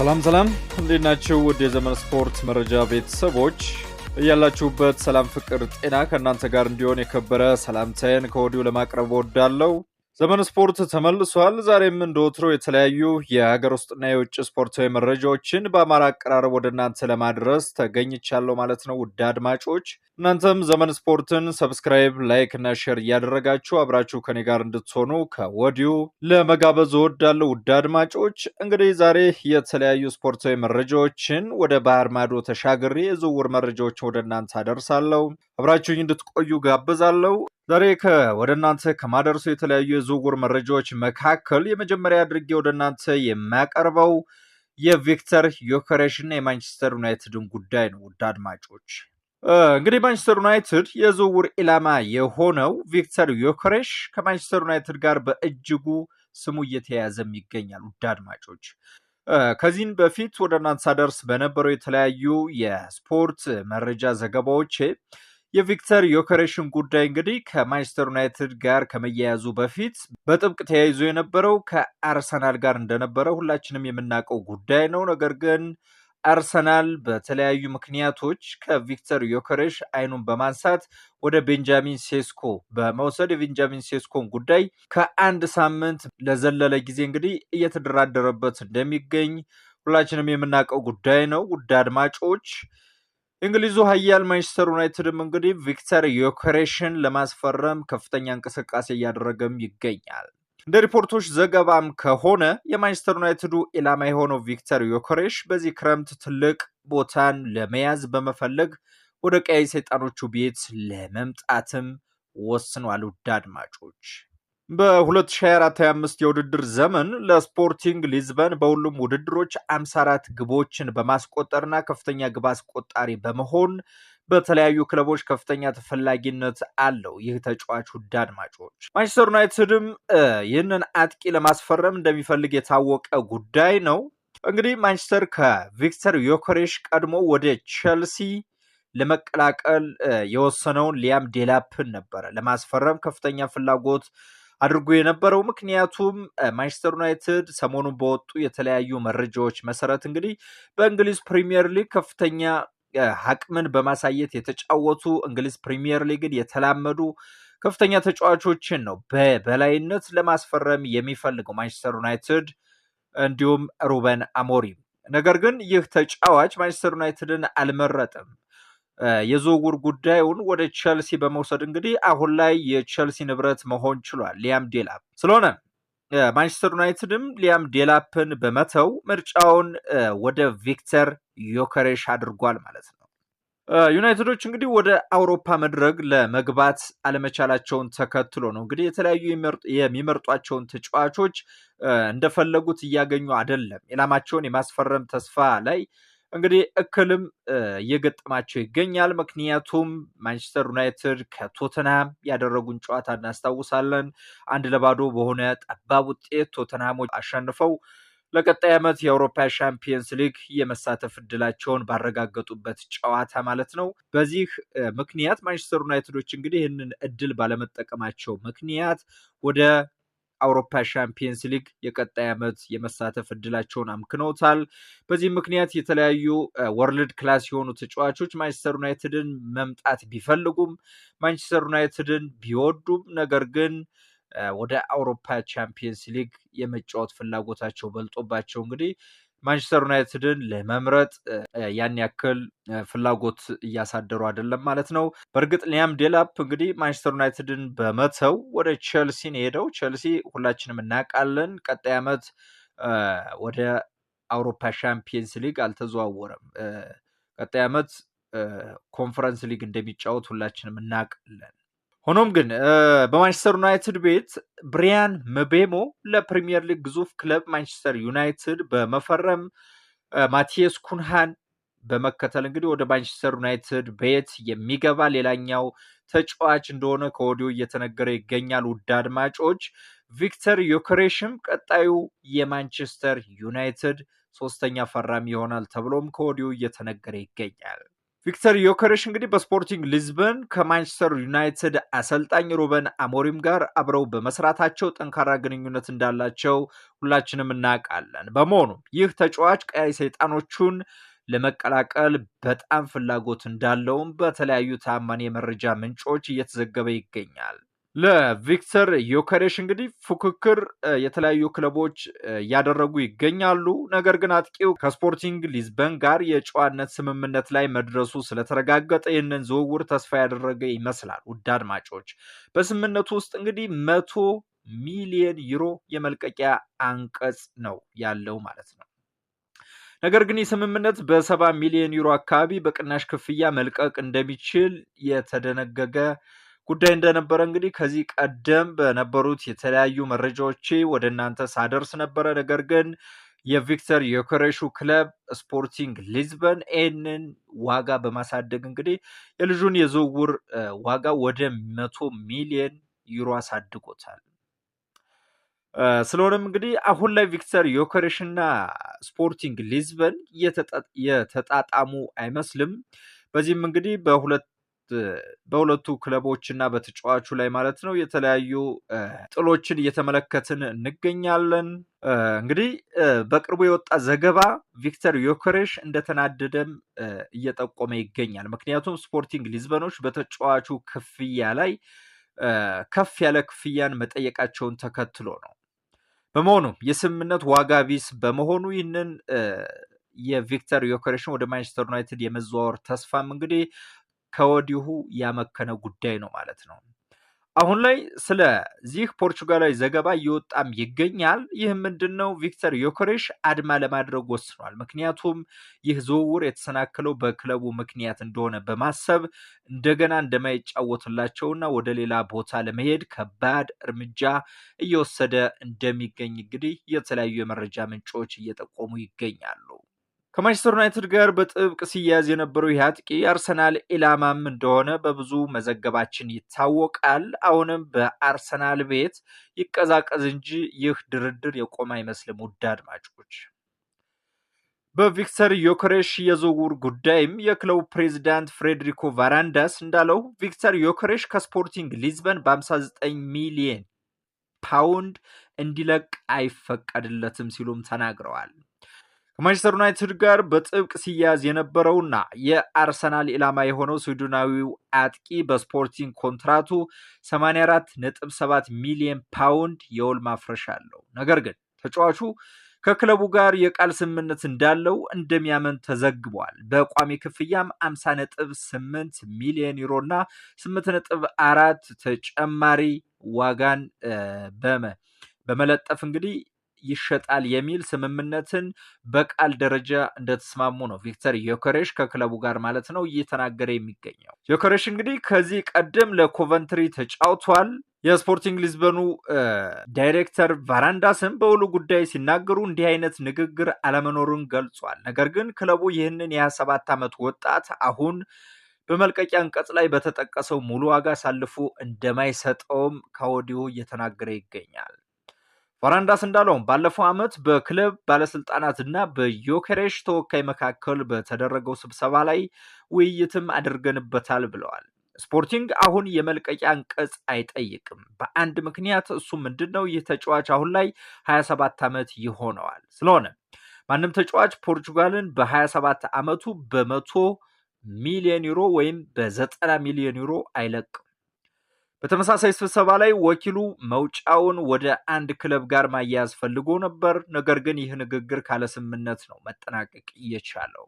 ሰላም ሰላም፣ እንዴት ናችሁ? ውድ የዘመን ስፖርት መረጃ ቤተሰቦች እያላችሁበት ሰላም፣ ፍቅር፣ ጤና ከእናንተ ጋር እንዲሆን የከበረ ሰላምታዬን ከወዲሁ ለማቅረብ ወዳለው ዘመን ስፖርት ተመልሷል። ዛሬም እንደ ወትሮ የተለያዩ የሀገር ውስጥና የውጭ ስፖርታዊ መረጃዎችን በአማራ አቀራረብ ወደ እናንተ ለማድረስ ተገኝቻለሁ ማለት ነው። ውድ አድማጮች እናንተም ዘመን ስፖርትን ሰብስክራይብ፣ ላይክ እና ሼር እያደረጋችሁ አብራችሁ ከኔ ጋር እንድትሆኑ ከወዲሁ ለመጋበዝ እወዳለሁ። ውድ አድማጮች እንግዲህ ዛሬ የተለያዩ ስፖርታዊ መረጃዎችን ወደ ባህር ማዶ ተሻግሬ የዝውውር መረጃዎችን ወደ እናንተ አደርሳለሁ። አብራችሁኝ እንድትቆዩ ጋብዛለሁ። ዛሬ ወደ እናንተ ከማደርሱ የተለያዩ የዝውውር መረጃዎች መካከል የመጀመሪያ አድርጌ ወደ እናንተ የሚያቀርበው የቪክተር ዮከሬሽ እና የማንቸስተር ዩናይትድን ጉዳይ ነው። ውድ አድማጮች እንግዲህ ማንቸስተር ዩናይትድ የዝውውር ኢላማ የሆነው ቪክተር ዮከሬሽ ከማንቸስተር ዩናይትድ ጋር በእጅጉ ስሙ እየተያያዘም ይገኛል። ውድ አድማጮች ከዚህም በፊት ወደ እናንተ ሳደርስ በነበረው የተለያዩ የስፖርት መረጃ ዘገባዎች የቪክተር ዮከሬሽን ጉዳይ እንግዲህ ከማንቸስተር ዩናይትድ ጋር ከመያያዙ በፊት በጥብቅ ተያይዞ የነበረው ከአርሰናል ጋር እንደነበረ ሁላችንም የምናውቀው ጉዳይ ነው። ነገር ግን አርሰናል በተለያዩ ምክንያቶች ከቪክተር ዮከሬሽ አይኑን በማንሳት ወደ ቤንጃሚን ሴስኮ በመውሰድ የቤንጃሚን ሴስኮን ጉዳይ ከአንድ ሳምንት ለዘለለ ጊዜ እንግዲህ እየተደራደረበት እንደሚገኝ ሁላችንም የምናውቀው ጉዳይ ነው። ውድ አድማጮች እንግሊዙ ኃያል ማንቸስተር ዩናይትድም እንግዲህ ቪክተር ዮከሬሽን ለማስፈረም ከፍተኛ እንቅስቃሴ እያደረገም ይገኛል። እንደ ሪፖርቶች ዘገባም ከሆነ የማንቸስተር ዩናይትዱ ኢላማ የሆነው ቪክተር ዮኮሬሽ በዚህ ክረምት ትልቅ ቦታን ለመያዝ በመፈለግ ወደ ቀይ ሰይጣኖቹ ቤት ለመምጣትም ወስኗል። ውድ አድማጮች በ2024/25 የውድድር ዘመን ለስፖርቲንግ ሊዝበን በሁሉም ውድድሮች 54 ግቦችን በማስቆጠርና ከፍተኛ ግብ አስቆጣሪ በመሆን በተለያዩ ክለቦች ከፍተኛ ተፈላጊነት አለው። ይህ ተጫዋች ውድ አድማጮች፣ ማንቸስተር ዩናይትድም ይህንን አጥቂ ለማስፈረም እንደሚፈልግ የታወቀ ጉዳይ ነው። እንግዲህ ማንቸስተር ከቪክተር ዮኮሬሽ ቀድሞ ወደ ቼልሲ ለመቀላቀል የወሰነውን ሊያም ዴላፕን ነበረ ለማስፈረም ከፍተኛ ፍላጎት አድርጎ የነበረው ምክንያቱም ማንቸስተር ዩናይትድ ሰሞኑን በወጡ የተለያዩ መረጃዎች መሰረት እንግዲህ በእንግሊዝ ፕሪሚየር ሊግ ከፍተኛ አቅምን በማሳየት የተጫወቱ እንግሊዝ ፕሪሚየር ሊግን የተላመዱ ከፍተኛ ተጫዋቾችን ነው በበላይነት ለማስፈረም የሚፈልገው ማንቸስተር ዩናይትድ እንዲሁም ሩበን አሞሪም። ነገር ግን ይህ ተጫዋች ማንቸስተር ዩናይትድን አልመረጥም የዝውውር ጉዳዩን ወደ ቸልሲ በመውሰድ እንግዲህ አሁን ላይ የቸልሲ ንብረት መሆን ችሏል ሊያም ዴላፕ። ስለሆነ ማንቸስተር ዩናይትድም ሊያም ዴላፕን በመተው ምርጫውን ወደ ቪክተር ዮከሬሽ አድርጓል ማለት ነው። ዩናይትዶች እንግዲህ ወደ አውሮፓ መድረግ ለመግባት አለመቻላቸውን ተከትሎ ነው እንግዲህ የተለያዩ የሚመርጧቸውን ተጫዋቾች እንደፈለጉት እያገኙ አይደለም። ኢላማቸውን የማስፈረም ተስፋ ላይ እንግዲህ እክልም እየገጠማቸው ይገኛል። ምክንያቱም ማንቸስተር ዩናይትድ ከቶተናም ያደረጉን ጨዋታ እናስታውሳለን። አንድ ለባዶ በሆነ ጠባብ ውጤት ቶተናሞች አሸንፈው ለቀጣይ ዓመት የአውሮፓ ሻምፒየንስ ሊግ የመሳተፍ እድላቸውን ባረጋገጡበት ጨዋታ ማለት ነው። በዚህ ምክንያት ማንቸስተር ዩናይትዶች እንግዲህ ይህንን እድል ባለመጠቀማቸው ምክንያት ወደ አውሮፓ ሻምፒየንስ ሊግ የቀጣይ ዓመት የመሳተፍ እድላቸውን አምክነውታል። በዚህ ምክንያት የተለያዩ ወርልድ ክላስ የሆኑ ተጫዋቾች ማንቸስተር ዩናይትድን መምጣት ቢፈልጉም ማንቸስተር ዩናይትድን ቢወዱም ነገር ግን ወደ አውሮፓ ቻምፒየንስ ሊግ የመጫወት ፍላጎታቸው በልጦባቸው እንግዲህ ማንቸስተር ዩናይትድን ለመምረጥ ያን ያክል ፍላጎት እያሳደሩ አይደለም ማለት ነው። በእርግጥ ሊያም ዴላፕ እንግዲህ ማንቸስተር ዩናይትድን በመተው ወደ ቼልሲን ሄደው ቼልሲ ሁላችንም እናውቃለን፣ ቀጣይ ዓመት ወደ አውሮፓ ሻምፒየንስ ሊግ አልተዘዋወረም። ቀጣይ ዓመት ኮንፈረንስ ሊግ እንደሚጫወት ሁላችንም እናውቃለን። ሆኖም ግን በማንቸስተር ዩናይትድ ቤት ብሪያን መቤሞ ለፕሪሚየር ሊግ ግዙፍ ክለብ ማንቸስተር ዩናይትድ በመፈረም ማቲየስ ኩንሃን በመከተል እንግዲህ ወደ ማንቸስተር ዩናይትድ ቤት የሚገባ ሌላኛው ተጫዋች እንደሆነ ከወዲሁ እየተነገረ ይገኛል። ውድ አድማጮች፣ ቪክተር ዮከሬሽም ቀጣዩ የማንቸስተር ዩናይትድ ሶስተኛ ፈራሚ ይሆናል ተብሎም ከወዲሁ እየተነገረ ይገኛል። ቪክተር ዮከረሽ እንግዲህ በስፖርቲንግ ሊዝበን ከማንቸስተር ዩናይትድ አሰልጣኝ ሩበን አሞሪም ጋር አብረው በመስራታቸው ጠንካራ ግንኙነት እንዳላቸው ሁላችንም እናውቃለን። በመሆኑ ይህ ተጫዋች ቀያይ ሰይጣኖቹን ለመቀላቀል በጣም ፍላጎት እንዳለውም በተለያዩ ታማኝ የመረጃ ምንጮች እየተዘገበ ይገኛል። ለቪክተር ዮከሬሽ እንግዲህ ፉክክር የተለያዩ ክለቦች እያደረጉ ይገኛሉ። ነገር ግን አጥቂው ከስፖርቲንግ ሊዝበን ጋር የጨዋነት ስምምነት ላይ መድረሱ ስለተረጋገጠ ይህንን ዝውውር ተስፋ ያደረገ ይመስላል። ውድ አድማጮች በስምምነቱ ውስጥ እንግዲህ መቶ ሚሊየን ዩሮ የመልቀቂያ አንቀጽ ነው ያለው ማለት ነው። ነገር ግን የስምምነት በሰባ ሚሊዮን ዩሮ አካባቢ በቅናሽ ክፍያ መልቀቅ እንደሚችል የተደነገገ ጉዳይ እንደነበረ እንግዲህ ከዚህ ቀደም በነበሩት የተለያዩ መረጃዎች ወደ እናንተ ሳደርስ ነበረ። ነገር ግን የቪክተር የኮሬሹ ክለብ ስፖርቲንግ ሊዝበን ኤንን ዋጋ በማሳደግ እንግዲህ የልጁን የዝውውር ዋጋ ወደ መቶ ሚሊየን ዩሮ አሳድጎታል። ስለሆነም እንግዲህ አሁን ላይ ቪክተር ዮከሬሽና ስፖርቲንግ ሊዝበን የተጣጣሙ አይመስልም። በዚህም እንግዲህ በሁለት በሁለቱ ክለቦች እና በተጫዋቹ ላይ ማለት ነው የተለያዩ ጥሎችን እየተመለከትን እንገኛለን። እንግዲህ በቅርቡ የወጣ ዘገባ ቪክተር ዮኮሬሽ እንደተናደደም እየጠቆመ ይገኛል። ምክንያቱም ስፖርቲንግ ሊዝበኖች በተጫዋቹ ክፍያ ላይ ከፍ ያለ ክፍያን መጠየቃቸውን ተከትሎ ነው። በመሆኑም የስምምነት ዋጋ ቢስ በመሆኑ ይህንን የቪክተር ዮኮሬሽን ወደ ማንቸስተር ዩናይትድ የመዘዋወር ተስፋም እንግዲህ ከወዲሁ ያመከነ ጉዳይ ነው ማለት ነው። አሁን ላይ ስለዚህ ፖርቹጋላዊ ዘገባ እየወጣም ይገኛል። ይህ ምንድን ነው? ቪክተር ዮኮሬሽ አድማ ለማድረግ ወስኗል። ምክንያቱም ይህ ዝውውር የተሰናከለው በክለቡ ምክንያት እንደሆነ በማሰብ እንደገና እንደማይጫወትላቸውና ወደ ሌላ ቦታ ለመሄድ ከባድ እርምጃ እየወሰደ እንደሚገኝ እንግዲህ የተለያዩ የመረጃ ምንጮች እየጠቆሙ ይገኛሉ። ከማንቸስተር ዩናይትድ ጋር በጥብቅ ሲያዝ የነበረው ይህ አጥቂ አርሰናል ኢላማም እንደሆነ በብዙ መዘገባችን ይታወቃል። አሁንም በአርሰናል ቤት ይቀዛቀዝ እንጂ ይህ ድርድር የቆመ አይመስልም። ውድ አድማጮች፣ በቪክተር ዮከሬሽ የዝውውር ጉዳይም የክለቡ ፕሬዚዳንት ፍሬድሪኮ ቫራንዳስ እንዳለው ቪክተር ዮከሬሽ ከስፖርቲንግ ሊዝበን በ59 ሚሊየን ፓውንድ እንዲለቅ አይፈቀድለትም ሲሉም ተናግረዋል። ከማንቸስተር ዩናይትድ ጋር በጥብቅ ሲያዝ የነበረውና የአርሰናል ኢላማ የሆነው ስዊድናዊው አጥቂ በስፖርቲንግ ኮንትራቱ 84.7 ሚሊዮን ፓውንድ የውል ማፍረሻ አለው። ነገር ግን ተጫዋቹ ከክለቡ ጋር የቃል ስምምነት እንዳለው እንደሚያምን ተዘግቧል። በቋሚ ክፍያም 50.8 ሚሊዮን ዩሮ እና 8.4 ተጨማሪ ዋጋን በመለጠፍ እንግዲህ ይሸጣል የሚል ስምምነትን በቃል ደረጃ እንደተስማሙ ነው ቪክተር ዮከሬሽ ከክለቡ ጋር ማለት ነው እየተናገረ የሚገኘው። ዮከሬሽ እንግዲህ ከዚህ ቀደም ለኮቨንትሪ ተጫውቷል። የስፖርቲንግ ሊዝበኑ ዳይሬክተር ቫራንዳስን በውሉ ጉዳይ ሲናገሩ እንዲህ አይነት ንግግር አለመኖሩን ገልጿል። ነገር ግን ክለቡ ይህንን የ27 ዓመት ወጣት አሁን በመልቀቂያ አንቀጽ ላይ በተጠቀሰው ሙሉ ዋጋ አሳልፎ እንደማይሰጠውም ከወዲሁ እየተናገረ ይገኛል። ቫራንዳስ እንዳለውም ባለፈው ዓመት በክለብ ባለስልጣናት እና በዮኬሬሽ ተወካይ መካከል በተደረገው ስብሰባ ላይ ውይይትም አድርገንበታል ብለዋል። ስፖርቲንግ አሁን የመልቀቂያ አንቀጽ አይጠይቅም በአንድ ምክንያት፣ እሱ ምንድን ነው? ይህ ተጫዋች አሁን ላይ 27 ዓመት ይሆነዋል። ስለሆነ ማንም ተጫዋች ፖርቹጋልን በ27 ዓመቱ በመቶ ሚሊዮን ዩሮ ወይም በዘጠና ሚሊዮን ዩሮ አይለቅም። በተመሳሳይ ስብሰባ ላይ ወኪሉ መውጫውን ወደ አንድ ክለብ ጋር ማያያዝ ፈልጎ ነበር። ነገር ግን ይህ ንግግር ካለ ስምምነት ነው መጠናቀቅ እየቻለው።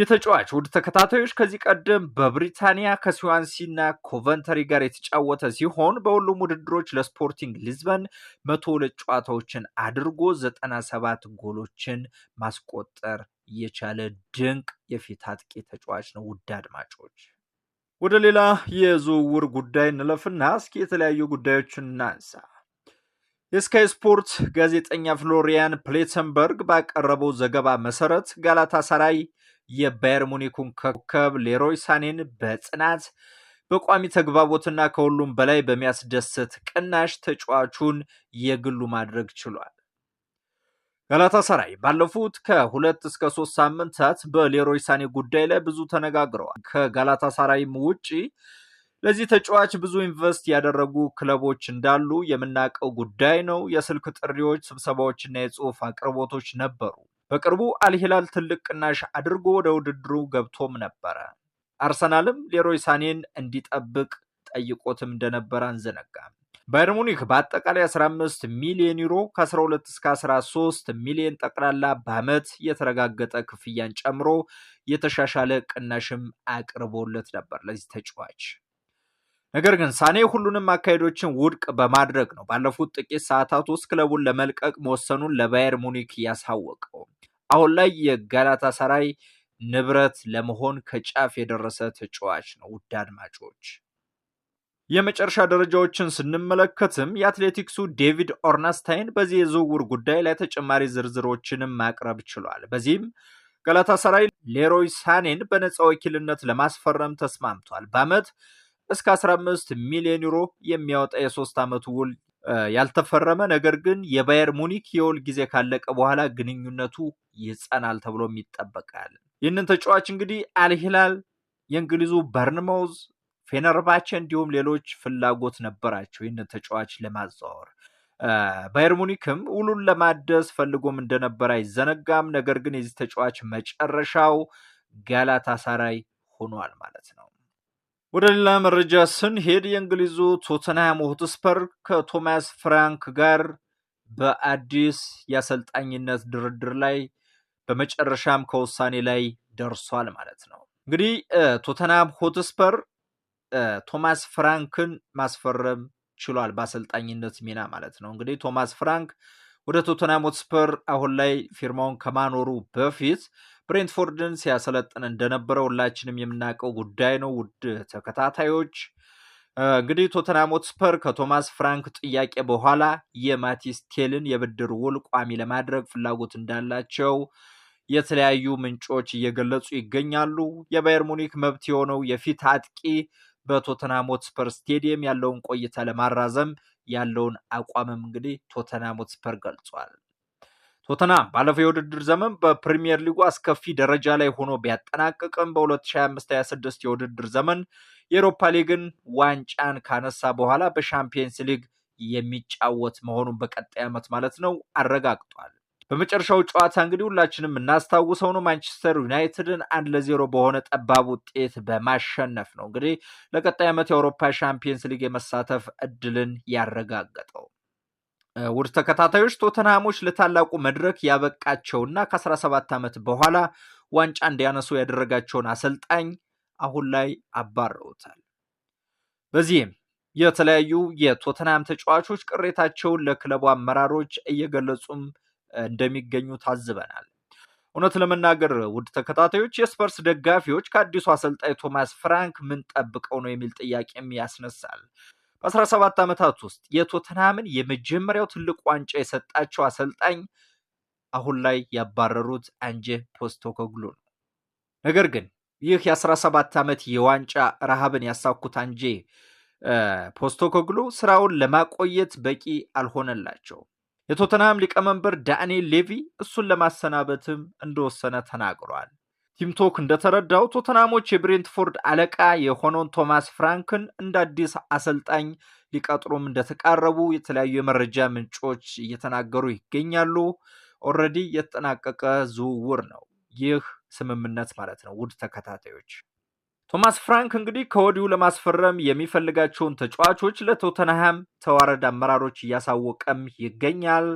የተጫዋች ውድ ተከታታዮች ከዚህ ቀደም በብሪታንያ ከስዋንሲና ኮቨንተሪ ጋር የተጫወተ ሲሆን በሁሉም ውድድሮች ለስፖርቲንግ ሊዝበን መቶ ሁለት ጨዋታዎችን አድርጎ ዘጠና ሰባት ጎሎችን ማስቆጠር እየቻለ ድንቅ የፊት አጥቂ ተጫዋች ነው። ውድ አድማጮች ወደ ሌላ የዝውውር ጉዳይ እንለፍና እስኪ የተለያዩ ጉዳዮችን እናንሳ። የስካይ ስፖርት ጋዜጠኛ ፍሎሪያን ፕሌተንበርግ ባቀረበው ዘገባ መሰረት ጋላታ ሳራይ የባየር ሙኒኩን ኮከብ ሌሮይ ሳኔን በጽናት በቋሚ ተግባቦትና ከሁሉም በላይ በሚያስደስት ቅናሽ ተጫዋቹን የግሉ ማድረግ ችሏል። ጋላታሳራይ ባለፉት ከሁለት እስከ ሶስት ሳምንታት በሌሮይ ሳኔ ጉዳይ ላይ ብዙ ተነጋግረዋል። ከጋላታሳራይም ውጪ ለዚህ ተጫዋች ብዙ ኢንቨስት ያደረጉ ክለቦች እንዳሉ የምናውቀው ጉዳይ ነው። የስልክ ጥሪዎች፣ ስብሰባዎችና የጽሁፍ አቅርቦቶች ነበሩ። በቅርቡ አልሂላል ትልቅ ቅናሽ አድርጎ ወደ ውድድሩ ገብቶም ነበረ። አርሰናልም ሌሮይ ሳኔን እንዲጠብቅ ጠይቆትም እንደነበረ አንዘነጋም። ባየር ሙኒክ በአጠቃላይ 15 ሚሊዮን ዩሮ ከ12 እስከ 13 ሚሊዮን ጠቅላላ በዓመት የተረጋገጠ ክፍያን ጨምሮ የተሻሻለ ቅናሽም አቅርቦለት ነበር ለዚህ ተጫዋች። ነገር ግን ሳኔ ሁሉንም አካሄዶችን ውድቅ በማድረግ ነው ባለፉት ጥቂት ሰዓታት ውስጥ ክለቡን ለመልቀቅ መወሰኑን ለባየር ሙኒክ ያሳወቀው። አሁን ላይ የጋላታ ሰራይ ንብረት ለመሆን ከጫፍ የደረሰ ተጫዋች ነው። ውድ አድማጮች የመጨረሻ ደረጃዎችን ስንመለከትም የአትሌቲክሱ ዴቪድ ኦርነስታይን በዚህ የዝውውር ጉዳይ ላይ ተጨማሪ ዝርዝሮችንም ማቅረብ ችሏል። በዚህም ሰራይ ሌሮይ ሳኔን በነፃ ወኪልነት ለማስፈረም ተስማምቷል። በአመት እስከ 15 ሚሊዮን ዩሮ የሚያወጣ የሶስት ዓመት ውል ያልተፈረመ ነገር ግን የባየር ሙኒክ የውል ጊዜ ካለቀ በኋላ ግንኙነቱ ይጸናል ተብሎም ይጠበቃል። ይህንን ተጫዋች እንግዲህ አልሂላል፣ የእንግሊዙ በርንማውዝ ፌነርባቸ እንዲሁም ሌሎች ፍላጎት ነበራቸው ይህንን ተጫዋች ለማዘዋወር። ባየር ሙኒክም ውሉን ለማደስ ፈልጎም እንደነበር አይዘነጋም። ነገር ግን የዚህ ተጫዋች መጨረሻው ጋላታ ሳራይ ሆኗል ማለት ነው። ወደ ሌላ መረጃ ስንሄድ የእንግሊዙ ቶተንሃም ሆትስፐር ከቶማስ ፍራንክ ጋር በአዲስ የአሰልጣኝነት ድርድር ላይ በመጨረሻም ከውሳኔ ላይ ደርሷል ማለት ነው። እንግዲህ ቶተንሃም ሆትስፐር ቶማስ ፍራንክን ማስፈረም ችሏል። በአሰልጣኝነት ሚና ማለት ነው። እንግዲህ ቶማስ ፍራንክ ወደ ቶተናም ሆትስፐር አሁን ላይ ፊርማውን ከማኖሩ በፊት ብሬንትፎርድን ሲያሰለጥን እንደነበረ ሁላችንም የምናውቀው ጉዳይ ነው። ውድ ተከታታዮች እንግዲህ ቶተናም ሆትስፐር ከቶማስ ፍራንክ ጥያቄ በኋላ የማቲስ ቴልን የብድር ውል ቋሚ ለማድረግ ፍላጎት እንዳላቸው የተለያዩ ምንጮች እየገለጹ ይገኛሉ። የባየር ሙኒክ መብት የሆነው የፊት አጥቂ በቶተናም ሆትስፐር ስቴዲየም ያለውን ቆይታ ለማራዘም ያለውን አቋምም እንግዲህ ቶተናም ሆትስፐር ገልጿል። ቶተናም ባለፈው የውድድር ዘመን በፕሪሚየር ሊጉ አስከፊ ደረጃ ላይ ሆኖ ቢያጠናቅቅም በ2025/26 የውድድር ዘመን የአውሮፓ ሊግን ዋንጫን ካነሳ በኋላ በሻምፒየንስ ሊግ የሚጫወት መሆኑን በቀጣይ ዓመት ማለት ነው አረጋግጧል። በመጨረሻው ጨዋታ እንግዲህ ሁላችንም እናስታውሰው ነው ማንቸስተር ዩናይትድን አንድ ለዜሮ በሆነ ጠባብ ውጤት በማሸነፍ ነው እንግዲህ ለቀጣይ ዓመት የአውሮፓ ሻምፒየንስ ሊግ የመሳተፍ እድልን ያረጋገጠው። ውድ ተከታታዮች ቶተንሃሞች ለታላቁ መድረክ ያበቃቸውና ከ17 ዓመት በኋላ ዋንጫ እንዲያነሱ ያደረጋቸውን አሰልጣኝ አሁን ላይ አባረውታል። በዚህም የተለያዩ የቶተንሃም ተጫዋቾች ቅሬታቸውን ለክለቡ አመራሮች እየገለጹም እንደሚገኙ ታዝበናል። እውነት ለመናገር ውድ ተከታታዮች የስፐርስ ደጋፊዎች ከአዲሱ አሰልጣኝ ቶማስ ፍራንክ ምን ጠብቀው ነው የሚል ጥያቄም ያስነሳል። በ17 ዓመታት ውስጥ የቶተንሃምን የመጀመሪያው ትልቅ ዋንጫ የሰጣቸው አሰልጣኝ አሁን ላይ ያባረሩት አንጀ ፖስቶኮግሉ ነው። ነገር ግን ይህ የ17 ዓመት የዋንጫ ረሃብን ያሳኩት አንጄ ፖስቶኮግሉ ስራውን ለማቆየት በቂ አልሆነላቸው። የቶተንሃም ሊቀመንበር ዳንኤል ሌቪ እሱን ለማሰናበትም እንደወሰነ ተናግሯል። ቲምቶክ እንደተረዳው ቶተናሞች የብሬንትፎርድ አለቃ የሆነውን ቶማስ ፍራንክን እንደ አዲስ አሰልጣኝ ሊቀጥሩም እንደተቃረቡ የተለያዩ የመረጃ ምንጮች እየተናገሩ ይገኛሉ። ኦልሬዲ የተጠናቀቀ ዝውውር ነው ይህ ስምምነት ማለት ነው። ውድ ተከታታዮች ቶማስ ፍራንክ እንግዲህ ከወዲሁ ለማስፈረም የሚፈልጋቸውን ተጫዋቾች ለቶተንሃም ተዋረድ አመራሮች እያሳወቀም ይገኛል።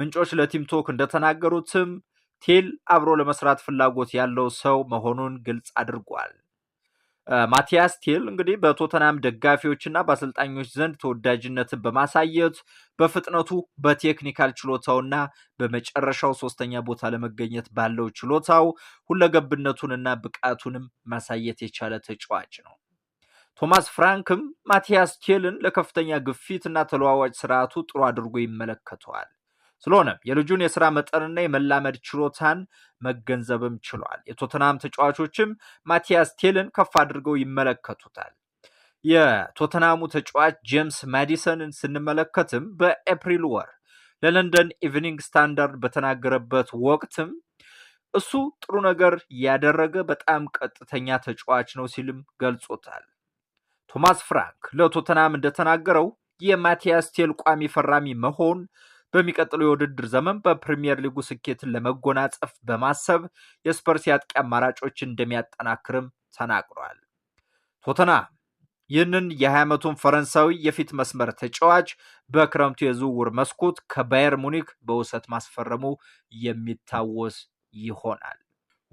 ምንጮች ለቲምቶክ እንደተናገሩትም ቴል አብሮ ለመስራት ፍላጎት ያለው ሰው መሆኑን ግልጽ አድርጓል። ማቲያስ ቴል እንግዲህ በቶተናም ደጋፊዎችና በአሰልጣኞች ዘንድ ተወዳጅነትን በማሳየት በፍጥነቱ በቴክኒካል ችሎታውና በመጨረሻው ሶስተኛ ቦታ ለመገኘት ባለው ችሎታው ሁለገብነቱንና ብቃቱንም ማሳየት የቻለ ተጫዋች ነው። ቶማስ ፍራንክም ማቲያስ ቴልን ለከፍተኛ ግፊት እና ተለዋዋጭ ስርዓቱ ጥሩ አድርጎ ይመለከተዋል። ስለሆነ የልጁን የስራ መጠንና የመላመድ ችሎታን መገንዘብም ችሏል። የቶተናም ተጫዋቾችም ማቲያስ ቴልን ከፍ አድርገው ይመለከቱታል። የቶተናሙ ተጫዋች ጄምስ ማዲሰንን ስንመለከትም በኤፕሪል ወር ለለንደን ኢቭኒንግ ስታንዳርድ በተናገረበት ወቅትም እሱ ጥሩ ነገር ያደረገ በጣም ቀጥተኛ ተጫዋች ነው ሲልም ገልጾታል። ቶማስ ፍራንክ ለቶተናም እንደተናገረው የማቲያስ ቴል ቋሚ ፈራሚ መሆን በሚቀጥለው የውድድር ዘመን በፕሪምየር ሊጉ ስኬትን ለመጎናጸፍ በማሰብ የስፐርስ የአጥቂ አማራጮች እንደሚያጠናክርም ተናግሯል። ቶተና ይህንን የ20 ዓመቱን ፈረንሳዊ የፊት መስመር ተጫዋች በክረምቱ የዝውውር መስኮት ከባየር ሙኒክ በውሰት ማስፈረሙ የሚታወስ ይሆናል።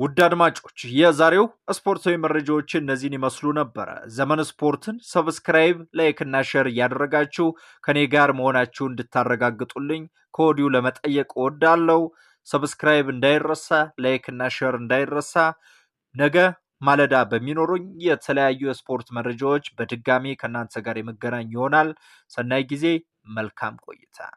ውድ አድማጮች የዛሬው ስፖርታዊ መረጃዎች እነዚህን ይመስሉ ነበረ። ዘመን ስፖርትን ሰብስክራይብ፣ ላይክና ሸር እያደረጋችሁ ከኔ ጋር መሆናችሁ እንድታረጋግጡልኝ ከወዲሁ ለመጠየቅ እወዳለሁ። ሰብስክራይብ እንዳይረሳ፣ ላይክና ሸር እንዳይረሳ። ነገ ማለዳ በሚኖሩኝ የተለያዩ የስፖርት መረጃዎች በድጋሚ ከእናንተ ጋር የመገናኝ ይሆናል። ሰናይ ጊዜ፣ መልካም ቆይታ